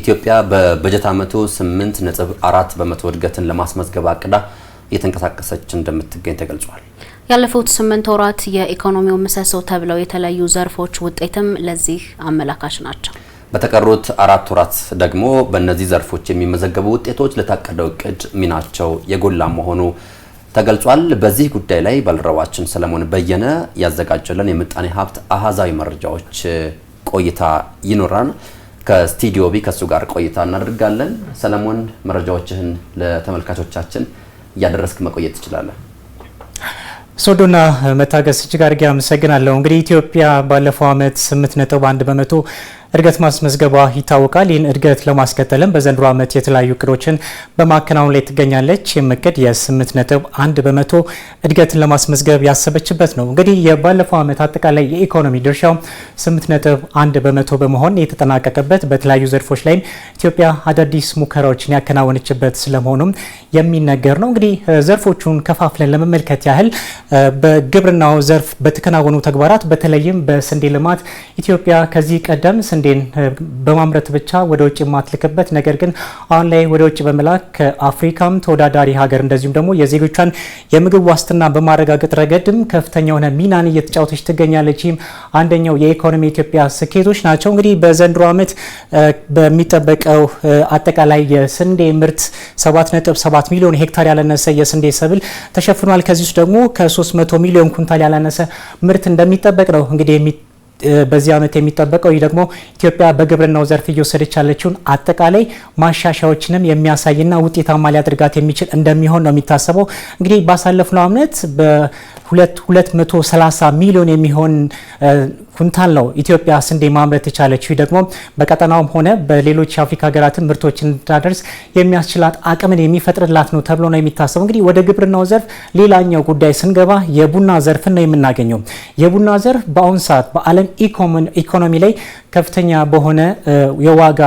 ኢትዮጵያ በበጀት ዓመቱ 8.4 በመቶ እድገትን ለማስመዝገብ አቅዳ እየተንቀሳቀሰች እንደምትገኝ ተገልጿል። ያለፉት ስምንት ወራት የኢኮኖሚው ምሰሶ ተብለው የተለያዩ ዘርፎች ውጤትም ለዚህ አመላካች ናቸው። በተቀሩት አራት ወራት ደግሞ በእነዚህ ዘርፎች የሚመዘገቡ ውጤቶች ለታቀደው እቅድ ሚናቸው የጎላ መሆኑ ተገልጿል። በዚህ ጉዳይ ላይ ባልደረባችን ሰለሞን በየነ ያዘጋጀለን የምጣኔ ሀብት አሃዛዊ መረጃዎች ቆይታ ይኖራል። ከስቱዲዮ ቢ ከእሱ ጋር ቆይታ እናደርጋለን። ሰለሞን መረጃዎችህን ለተመልካቾቻችን እያደረስክ መቆየት ትችላለን። ሶዶና መታገስ እጅግ አድርጌ አመሰግናለሁ። እንግዲህ ኢትዮጵያ ባለፈው ዓመት 8.1 በመቶ እድገት ማስመዝገቧ ይታወቃል። ይህን እድገት ለማስከተልም በዘንድሮ ዓመት የተለያዩ እቅዶችን በማከናወን ላይ ትገኛለች። ይህም እቅድ የ8 ነጥብ 1 በመቶ እድገትን ለማስመዝገብ ያሰበችበት ነው። እንግዲህ የባለፈው ዓመት አጠቃላይ የኢኮኖሚ ድርሻው 8 ነጥብ 1 በመቶ በመሆን የተጠናቀቀበት በተለያዩ ዘርፎች ላይም ኢትዮጵያ አዳዲስ ሙከራዎችን ያከናወነችበት ስለመሆኑም የሚነገር ነው። እንግዲህ ዘርፎቹን ከፋፍለን ለመመልከት ያህል በግብርናው ዘርፍ በተከናወኑ ተግባራት በተለይም በስንዴ ልማት ኢትዮጵያ ከዚህ ቀደም ስንዴን በማምረት ብቻ ወደ ውጭ የማትልክበት ነገር ግን አሁን ላይ ወደ ውጭ በመላክ ከአፍሪካም ተወዳዳሪ ሀገር እንደዚሁም ደግሞ የዜጎቿን የምግብ ዋስትና በማረጋገጥ ረገድም ከፍተኛ የሆነ ሚናን እየተጫወተች ትገኛለች። ይህም አንደኛው የኢኮኖሚ ኢትዮጵያ ስኬቶች ናቸው። እንግዲህ በዘንድሮ ዓመት በሚጠበቀው አጠቃላይ የስንዴ ምርት 7.7 ሚሊዮን ሄክታር ያለነሰ የስንዴ ሰብል ተሸፍኗል። ከዚህ ውስጥ ደግሞ ከ300 ሚሊዮን ኩንታል ያላነሰ ምርት እንደሚጠበቅ ነው እንግዲህ በዚህ ዓመት የሚጠበቀው ይህ ደግሞ ኢትዮጵያ በግብርናው ዘርፍ እየወሰደች ያለችውን አጠቃላይ ማሻሻያዎችንም የሚያሳይና ውጤታማ ሊያደርጋት የሚችል እንደሚሆን ነው የሚታሰበው። እንግዲህ ባሳለፍነው ዓመት 230 ሚሊዮን የሚሆን ኩንታል ነው ኢትዮጵያ ስንዴ ማምረት የቻለችው። ደግሞ በቀጠናውም ሆነ በሌሎች የአፍሪካ ሀገራትን ምርቶችን እንዳደርስ የሚያስችላት አቅምን የሚፈጥርላት ነው ተብሎ ነው የሚታሰበው። እንግዲህ ወደ ግብርናው ዘርፍ ሌላኛው ጉዳይ ስንገባ የቡና ዘርፍን ነው የምናገኘው። የቡና ዘርፍ በአሁን ሰዓት በዓለም ኢኮኖሚ ላይ ከፍተኛ በሆነ የዋጋ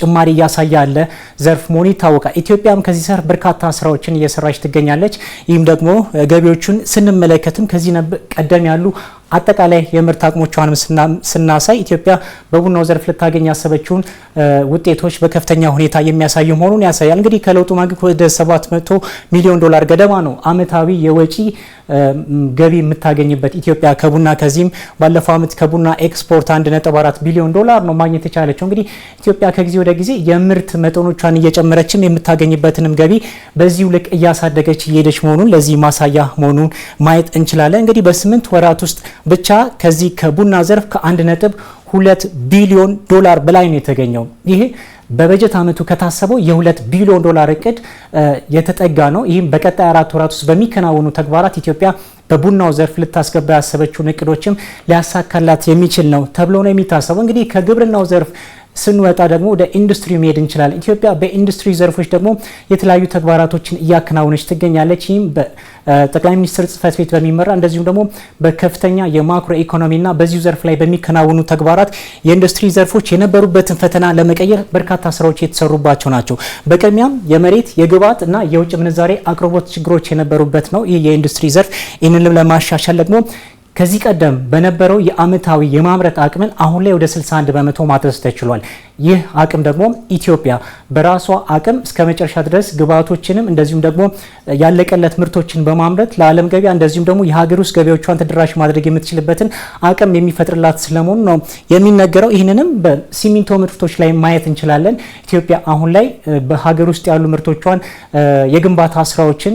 ጭማሪ እያሳየ ያለ ዘርፍ መሆኑ ይታወቃል። ኢትዮጵያም ከዚህ ዘርፍ በርካታ ስራዎችን እየሰራች ትገኛለች። ይህም ደግሞ ገቢዎቹን ስንመለከትም ከዚህ ቀደም ያሉ አጠቃላይ የምርት አቅሞቿንም ስናሳይ ኢትዮጵያ በቡናው ዘርፍ ልታገኝ ያሰበችውን ውጤቶች በከፍተኛ ሁኔታ የሚያሳዩ መሆኑን ያሳያል። እንግዲህ ከለውጡ ማግስት ወደ 700 ሚሊዮን ዶላር ገደማ ነው አመታዊ የወጪ ገቢ የምታገኝበት ኢትዮጵያ ከቡና ከዚህም ባለፈው አመት ከቡና ኤክስፖርት 1.4 ቢሊዮን ዶላር ነው ማግኘት የቻለችው። እንግዲህ ኢትዮጵያ ከጊዜ ወደ ጊዜ የምርት መጠኖቿን እየጨመረችም የምታገኝበትንም ገቢ በዚሁ ልክ እያሳደገች እየሄደች መሆኑን ለዚህ ማሳያ መሆኑን ማየት እንችላለን። እንግዲህ በስምንት ወራት ውስጥ ብቻ ከዚህ ከቡና ዘርፍ ከአንድ ነጥብ ሁለት ቢሊዮን ዶላር በላይ ነው የተገኘው። ይሄ በበጀት ዓመቱ ከታሰበው የሁለት ቢሊዮን ዶላር እቅድ የተጠጋ ነው። ይህም በቀጣይ አራት ወራት ውስጥ በሚከናወኑ ተግባራት ኢትዮጵያ በቡናው ዘርፍ ልታስገባ ያሰበችውን እቅዶችም ሊያሳካላት የሚችል ነው ተብሎ ነው የሚታሰበው። እንግዲህ ከግብርናው ዘርፍ ስንወጣ ደግሞ ወደ ኢንዱስትሪ መሄድ እንችላለን። ኢትዮጵያ በኢንዱስትሪ ዘርፎች ደግሞ የተለያዩ ተግባራቶችን እያከናወነች ትገኛለች። ይህም በጠቅላይ ሚኒስትር ጽህፈት ቤት በሚመራ እንደዚሁም ደግሞ በከፍተኛ የማክሮ ኢኮኖሚና በዚሁ ዘርፍ ላይ በሚከናወኑ ተግባራት የኢንዱስትሪ ዘርፎች የነበሩበትን ፈተና ለመቀየር በርካታ ስራዎች የተሰሩባቸው ናቸው። በቅድሚያም የመሬት የግብዓት እና የውጭ ምንዛሬ አቅርቦት ችግሮች የነበሩበት ነው ይህ የኢንዱስትሪ ዘርፍ። ይህንንም ለማሻሻል ደግሞ ከዚህ ቀደም በነበረው የአመታዊ የማምረት አቅምን አሁን ላይ ወደ 61 በመቶ ማድረስ ተችሏል። ይህ አቅም ደግሞ ኢትዮጵያ በራሷ አቅም እስከ መጨረሻ ድረስ ግብዓቶችንም እንደዚሁም ደግሞ ያለቀለት ምርቶችን በማምረት ለዓለም ገበያ እንደዚሁም ደግሞ የሀገር ውስጥ ገበያዎቿን ተደራሽ ማድረግ የምትችልበትን አቅም የሚፈጥርላት ስለመሆኑ ነው የሚነገረው። ይህንንም በሲሚንቶ ምርቶች ላይ ማየት እንችላለን። ኢትዮጵያ አሁን ላይ በሀገር ውስጥ ያሉ ምርቶቿን የግንባታ ስራዎችን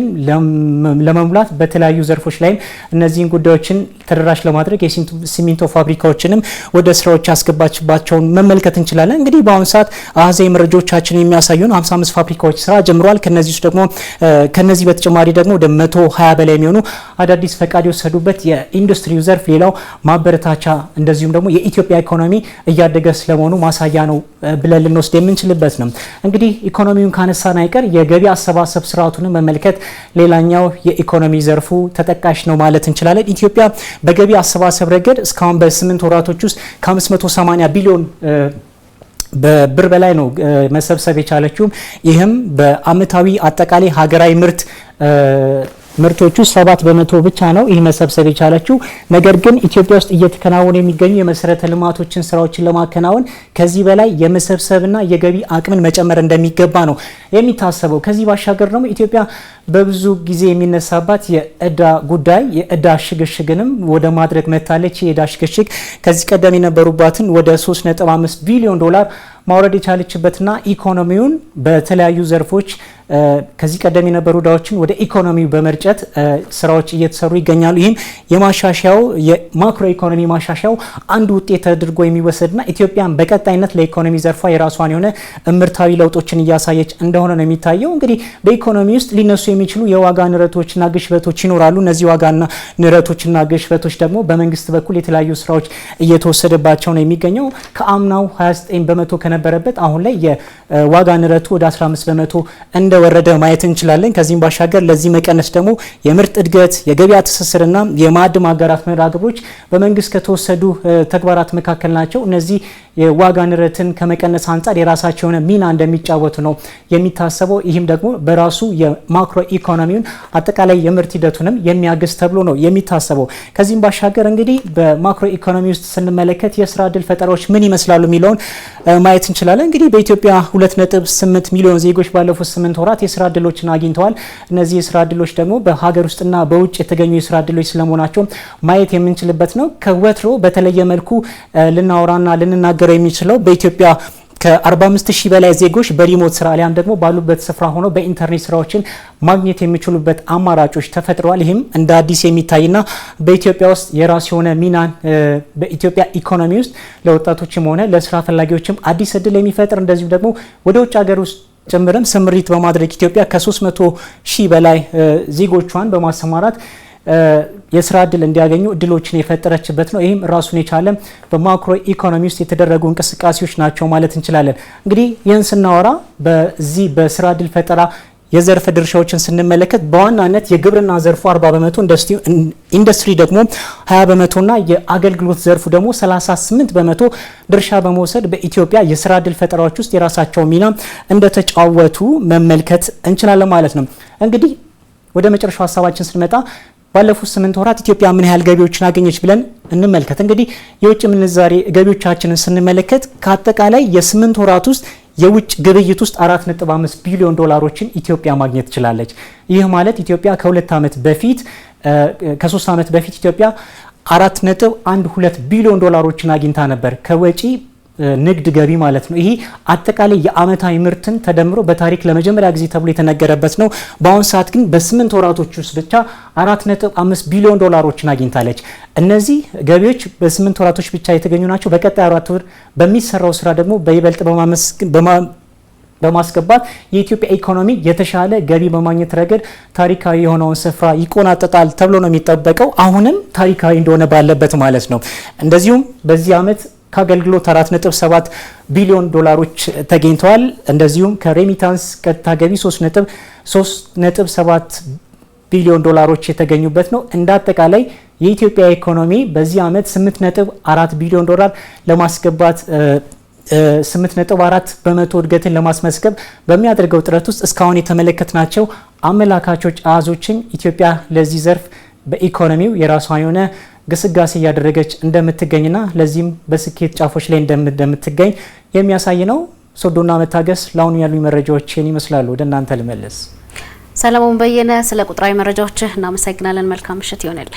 ለመሙላት በተለያዩ ዘርፎች ላይም እነዚህን ጉዳዮችን ተደራሽ ለማድረግ የሲሚንቶ ፋብሪካዎችንም ወደ ስራዎች ያስገባችባቸውን መመልከት እንችላለን። እንግዲህ በአሁኑ ሰዓት አሃዛዊ መረጃዎቻችን የሚያሳዩን 55 ፋብሪካዎች ስራ ጀምረዋል። ከነዚህ ውስጥ ደግሞ ከነዚህ በተጨማሪ ደግሞ ወደ 120 በላይ የሚሆኑ አዳዲስ ፈቃድ የወሰዱበት የኢንዱስትሪው ዘርፍ ሌላው ማበረታቻ እንደዚሁም ደግሞ የኢትዮጵያ ኢኮኖሚ እያደገ ስለመሆኑ ማሳያ ነው ብለን ልንወስድ የምንችልበት ነው። እንግዲህ ኢኮኖሚውን ካነሳን አይቀር የገቢ አሰባሰብ ስርዓቱን መመልከት ሌላኛው የኢኮኖሚ ዘርፉ ተጠቃሽ ነው ማለት እንችላለን። ኢትዮጵያ በገቢ አሰባሰብ ረገድ እስካሁን በስምንት ወራቶች ውስጥ ከ580 ቢሊዮን በብር በላይ ነው መሰብሰብ የቻለችውም ይህም በአመታዊ አጠቃላይ ሀገራዊ ምርት ምርቶቹ ሰባት በመቶ ብቻ ነው ይህ መሰብሰብ የቻለችው። ነገር ግን ኢትዮጵያ ውስጥ እየተከናወኑ የሚገኙ የመሰረተ ልማቶችን ስራዎችን ለማከናወን ከዚህ በላይ የመሰብሰብና የገቢ አቅምን መጨመር እንደሚገባ ነው የሚታሰበው። ከዚህ ባሻገር ደግሞ ኢትዮጵያ በብዙ ጊዜ የሚነሳባት የእዳ ጉዳይ የእዳ ሽግሽግንም ወደ ማድረግ መታለች። የእዳ ሽግሽግ ከዚህ ቀደም የነበሩባትን ወደ 3.5 ቢሊዮን ዶላር ማውረድ የቻለችበትና ኢኮኖሚውን በተለያዩ ዘርፎች ከዚህ ቀደም የነበሩ እዳዎችን ወደ ኢኮኖሚ በመርጨት ስራዎች እየተሰሩ ይገኛሉ። ይህም የማሻሻያው የማክሮ ኢኮኖሚ ማሻሻያው አንድ ውጤት ተደርጎ የሚወሰድና ኢትዮጵያን በቀጣይነት ለኢኮኖሚ ዘርፏ የራሷን የሆነ እምርታዊ ለውጦችን እያሳየች እንደሆነ ነው የሚታየው። እንግዲህ በኢኮኖሚ ውስጥ ሊነሱ የሚችሉ የዋጋ ንረቶችና ግሽበቶች ይኖራሉ። እነዚህ ዋጋና ንረቶችና ግሽበቶች ደግሞ በመንግስት በኩል የተለያዩ ስራዎች እየተወሰደባቸው ነው የሚገኘው። ከአምናው 29 በመቶ ከነበረበት አሁን ላይ የዋጋ ንረቱ ወደ 15 በመቶ እንደ እንደወረደ ማየት እንችላለን። ከዚህም ባሻገር ለዚህ መቀነስ ደግሞ የምርት እድገት፣ የገበያ ትስስርና የማዕድም አገራት መርሃ ግብሮች በመንግስት ከተወሰዱ ተግባራት መካከል ናቸው። እነዚህ የዋጋ ንረትን ከመቀነስ አንጻር የራሳቸው የሆነ ሚና እንደሚጫወቱ ነው የሚታሰበው። ይህም ደግሞ በራሱ የማክሮ ኢኮኖሚውን አጠቃላይ የምርት ሂደቱንም የሚያግዝ ተብሎ ነው የሚታሰበው። ከዚህም ባሻገር እንግዲህ በማክሮ ኢኮኖሚ ውስጥ ስንመለከት የስራ እድል ፈጠራዎች ምን ይመስላሉ የሚለውን ማየት እንችላለን። እንግዲህ በኢትዮጵያ 2.8 ሚሊዮን ዜጎች ባለፉት 8 ወራት የስራ እድሎችን አግኝተዋል። እነዚህ የስራ እድሎች ደግሞ በሀገር ውስጥና በውጭ የተገኙ የስራ እድሎች ስለመሆናቸው ማየት የምንችልበት ነው። ከወትሮ በተለየ መልኩ ልናወራና ልንናገ ሊናገረው የሚችለው በኢትዮጵያ ከ45 ሺህ በላይ ዜጎች በሪሞት ስራ አሊያም ደግሞ ባሉበት ስፍራ ሆኖ በኢንተርኔት ስራዎችን ማግኘት የሚችሉበት አማራጮች ተፈጥረዋል። ይህም እንደ አዲስ የሚታይና በኢትዮጵያ ውስጥ የራሱ የሆነ ሚናን በኢትዮጵያ ኢኮኖሚ ውስጥ ለወጣቶችም ሆነ ለስራ ፈላጊዎችም አዲስ እድል የሚፈጥር እንደዚሁም ደግሞ ወደ ውጭ ሀገር ውስጥ ጭምርም ስምሪት በማድረግ ኢትዮጵያ ከ300 ሺህ በላይ ዜጎቿን በማሰማራት የስራ እድል እንዲያገኙ እድሎችን የፈጠረችበት ነው። ይህም ራሱን የቻለ በማክሮ ኢኮኖሚ ውስጥ የተደረጉ እንቅስቃሴዎች ናቸው ማለት እንችላለን። እንግዲህ ይህን ስናወራ በዚህ በስራ እድል ፈጠራ የዘርፍ ድርሻዎችን ስንመለከት በዋናነት የግብርና ዘርፉ 40 በመቶ፣ ኢንዱስትሪ ደግሞ 20 በመቶና የአገልግሎት ዘርፉ ደግሞ 38 በመቶ ድርሻ በመውሰድ በኢትዮጵያ የስራ እድል ፈጠራዎች ውስጥ የራሳቸው ሚና እንደተጫወቱ መመልከት እንችላለን ማለት ነው። እንግዲህ ወደ መጨረሻው ሀሳባችን ስንመጣ ባለፉት ስምንት ወራት ኢትዮጵያ ምን ያህል ገቢዎችን አገኘች ብለን እንመልከት። እንግዲህ የውጭ ምንዛሬ ገቢዎቻችንን ስንመለከት ከአጠቃላይ የስምንት ወራት ውስጥ የውጭ ግብይት ውስጥ 4.5 ቢሊዮን ዶላሮችን ኢትዮጵያ ማግኘት ትችላለች። ይህ ማለት ኢትዮጵያ ከሁለት ዓመት በፊት ከሶስት ዓመት በፊት ኢትዮጵያ ሁለት ቢሊዮን ዶላሮችን አግኝታ ነበር ከወጪ ንግድ ገቢ ማለት ነው። ይሄ አጠቃላይ የአመታዊ ምርትን ተደምሮ በታሪክ ለመጀመሪያ ጊዜ ተብሎ የተነገረበት ነው። በአሁኑ ሰዓት ግን በስምንት ወራቶች ውስጥ ብቻ 4.5 ቢሊዮን ዶላሮችን አግኝታለች። እነዚህ ገቢዎች በስምንት ወራቶች ብቻ የተገኙ ናቸው። በቀጣይ አራት ወር በሚሰራው ስራ ደግሞ በይበልጥ በማስገባት የኢትዮጵያ ኢኮኖሚ የተሻለ ገቢ በማግኘት ረገድ ታሪካዊ የሆነውን ስፍራ ይቆናጠጣል ተብሎ ነው የሚጠበቀው። አሁንም ታሪካዊ እንደሆነ ባለበት ማለት ነው። እንደዚሁም በዚህ አመት ከአገልግሎት 4.7 ቢሊዮን ዶላሮች ተገኝተዋል። እንደዚሁም ከሬሚታንስ ቀጥታ ገቢ 3.7 ቢሊዮን ዶላሮች የተገኙበት ነው። እንዳጠቃላይ የኢትዮጵያ ኢኮኖሚ በዚህ ዓመት 8.4 ቢሊዮን ዶላር ለማስገባት 8.4 በመቶ እድገትን ለማስመስገብ በሚያደርገው ጥረት ውስጥ እስካሁን የተመለከትናቸው አመላካቾች አሃዞችን ኢትዮጵያ ለዚህ ዘርፍ በኢኮኖሚው የራሷ የሆነ ግስጋሴ እያደረገች እንደምትገኝና ለዚህም በስኬት ጫፎች ላይ እንደምትገኝ የሚያሳይ ነው። ሶዶና መታገስ፣ ለአሁኑ ያሉ መረጃዎችን ይመስላሉ። ወደ እናንተ ልመልስ። ሰለሞን በየነ፣ ስለ ቁጥራዊ መረጃዎችህ እናመሰግናለን። መልካም ምሽት ይሆናል